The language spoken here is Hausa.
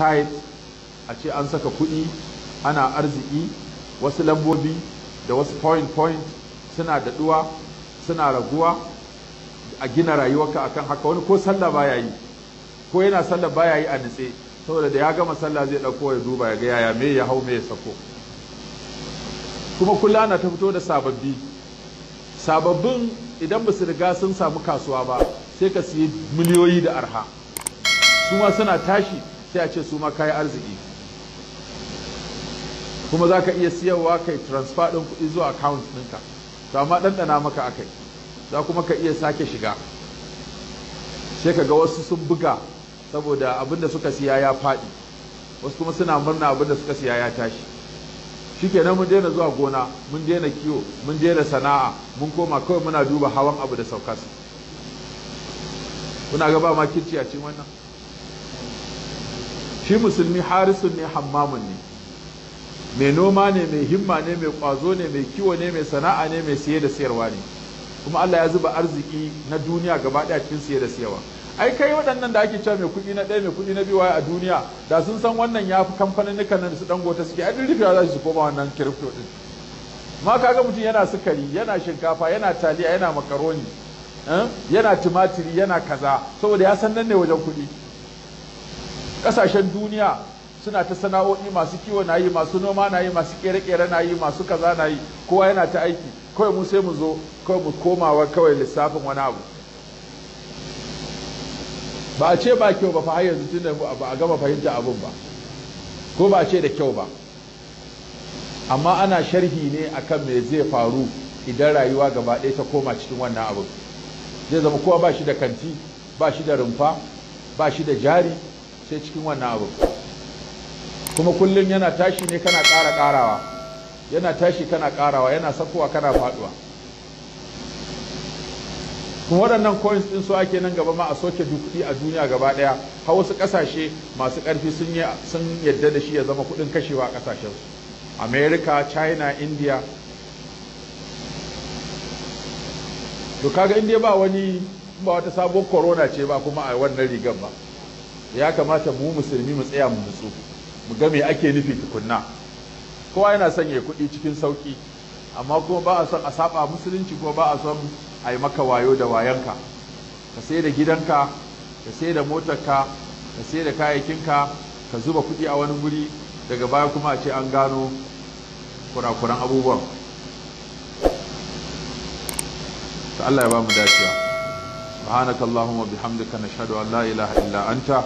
site a ce an saka kuɗi ana arziki wasu lambobi da wasu point point suna daɗuwa suna raguwa a gina rayuwarka akan haka wani ko sallah baya yi ko yana sallah baya yi a nitse saboda da ya gama sallah zai ɗauko ya duba ya ga yaya me ya hau me ya sako kuma kula na ta fito da sababbi sababbin idan ba su riga sun samu kasuwa ba sai ka siyi miliyoyi da arha su suna tashi sai a ce su ma kayi arziki kuma za ka iya siyarwa kai transfer ɗin kuɗi zuwa account ɗinka to amma ɗanɗana maka akai za kuma ka iya sake shiga sai ka ga wasu sun buga saboda abinda suka siya ya faɗi wasu kuma suna murna abinda suka siya ya tashi shi shikenan mun daina zuwa gona mun daina kiwo mun daina sana'a mun koma kawai muna duba hawan abu da saukarsa kuna ga ba ma kirci a cikin wannan shi musulmi harisun ne hammamun ne mai noma ne mai himma ne mai kwazo ne mai kiwo ne mai sana'a ne mai siye da siyarwa ne kuma Allah ya zuba arziki na duniya gaba ɗaya cikin siye da siyarwa ai kai waɗannan da ake cewa mai kuɗi na ɗaya mai kuɗi na biyu a duniya da sun san wannan ya fi kamfanin nan su dango ta suke ai rufewa za su koma wannan kirifto din ma kaga mutum yana sukari yana shinkafa yana taliya yana makaroni eh, yana tumatiri yana kaza saboda ya san nan ne wajen kuɗi ƙasashen duniya suna ta sana'o'i masu kiwo na yi masu noma na yi masu kere-kere na yi masu kaza na yi kowa yana ta aiki kawai mu sai mu zo kawai mu komawa kawai lissafin wani abu ba a ce ba kyau ba fa har yanzu tun da ba a gama fahimta abun ba ko ba a ce da kyau ba amma ana sharhi ne akan me zai faru idan rayuwa gaba ɗaya ta koma cikin wannan abin zai zama kowa ba shi da kanti ba shi da rumfa ba shi da jari sai cikin wannan abu kuma kullum yana tashi ne kana ƙara ƙarawa yana tashi kana ƙarawa yana sakowa kana faɗuwa kuma waɗannan coins ɗin su ake nan gaba ma a soke kuɗi a duniya gaba ɗaya har wasu ƙasashe masu ƙarfi sun yadda da shi ya zama kuɗin kashewa a ƙasashensu america china india to kaga india ba wani ba wata sabon corona ce ba kuma a wannan rigar ba ya kamata mu musulmi mu tsaya mu nutsu mu ga me ake nufi tukunna kowa yana son ya kuɗi cikin sauki amma kuma ba a son a saba musulunci kuma ba a son a yi maka wayo da wayanka ka sai da gidanka ka sai da motarka ka sai da kayayyakinka ka zuba kuɗi a wani guri daga baya kuma a ce an gano kurakuran abubuwan ta Allah ya ba mu dacewa subhanakallahumma bihamdika nashhadu an la ilaha illa anta